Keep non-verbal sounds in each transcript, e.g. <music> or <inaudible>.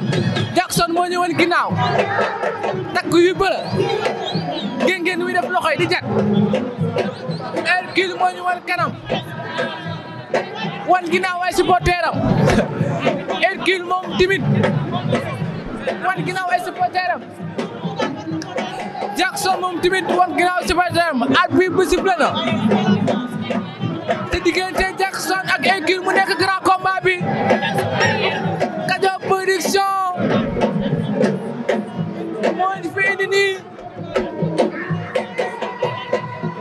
Jackson Jackson moo ñëwoon ginnaaw takk yu bëla ngeen ngeen di jag Hercule moo wan kanam wan ginnaaw ay supporteram Hercule moom timit wan ginnaaw ay supporteram Jackson moom timit wan ginnaaw ay supporteram at bi bu ngi nii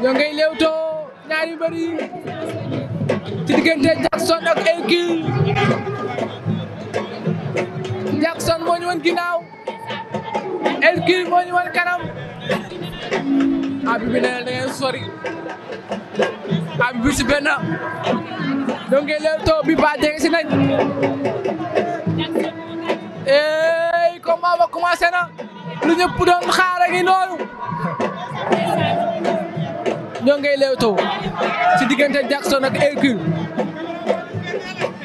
ñoo ngay léewtoo ñaari mbër yi ci diggante Jackson ak Hercule Jackson moo ñu woon ginnaaw Hercule moo ñu kanam abi bi nee na da ngeen sori abi bi si benn ñoo ngay léewtoo bi ba jege si nañ. eey combat ba commencé na. lu ñëpp doon xaar a ngi noonu ñoo ngay leewtoo ci diggante Jackson ak Hercule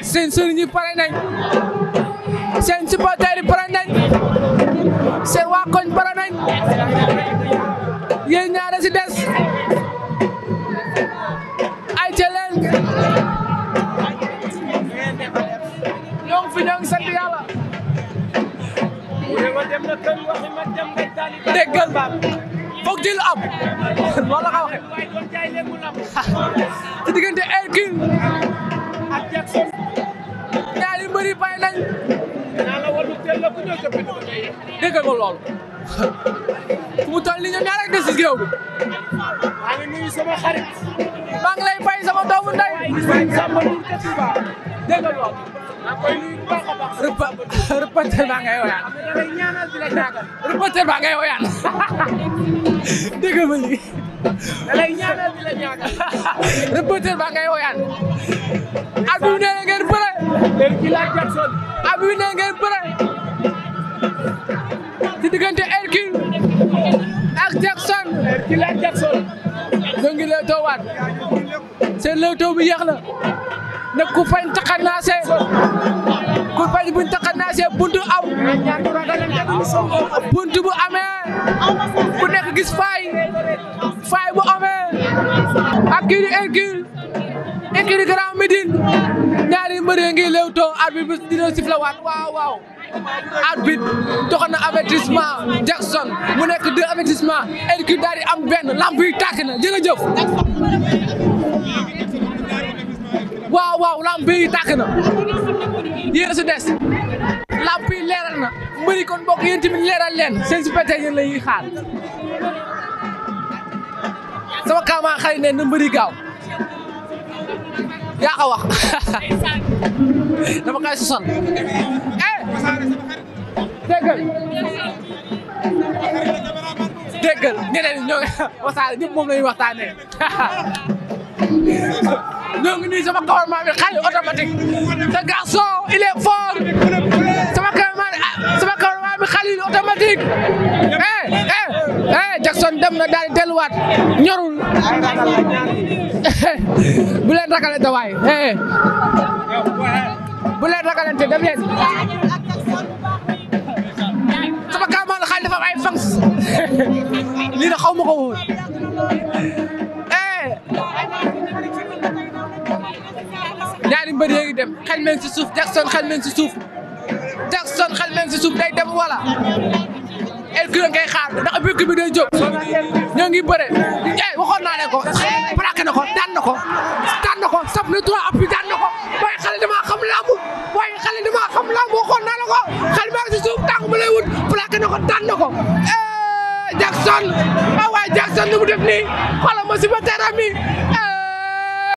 seen sëriñ yi nañ seen supporters yi nañ seen waa koñ déggal foog <laughs> jël <laughs> mu toll nii ñoom ñaar rek des ci géew bi maa ngi lay fay sama doomu ndey. reporter baa ngay woyaan reporter baa ngay woyaan dégg nga lii reporter baa ngay woyaan abi bi nee na ngeen bëre abi bi nee na ngeen bëre ci diggante Jackson lewtoo bi yéex na ne ku fañ taxanaase ku fañ buñ taxanaase buntu am buntu bu amee ku nekk gis faay faay bu amee ak kii di Hercule écurie ñaari mbër yi ngi lewtoo arbitre bi waat waaw waaw arbitre dox na avertissement Jackson mu nekk deux avertissement Hercule daal di am benn lamp yi tàkk waa lamb bi tàkk na yéen a si des lamb bi leeral na mbëri kon bokk yéen tamit leeral leen seen supporter yéen la ñuy xaar sama kaamaa xarit ne na mbëri gaaw yaa ko wax <laughs> dama kay sosal eh déggal déggal ñeneen ñoo <laughs> wasaare ñëpp moom la ñuy waxtaanee <laughs> ñoo nii sama kawar bi xale automatique te garçon il est fort sama kawar ah, sama kawar bi xale automatique eh, eh, eh, dem na daal di delluwaat ñorul <laughs> bu leen ragalante waay eh bu dem leen sama kawar bi xale ay fangs <laughs> lii de xaw ma xel meeg si suuf Jackson xel meeg si suuf Jackson xel meeg si suuf day dem wala Hercule ngay xaar ndax bukki bi day jóg ñoo ngi bëre eh naa ne ko plaqué na ko daan na ko sab na trois appui daan na ko la ko xel meeg si suuf tàng mu lay wut ko daan na ko eh, Jackson ah waaye Jackson nu mu def nii xoolal ma si ba mi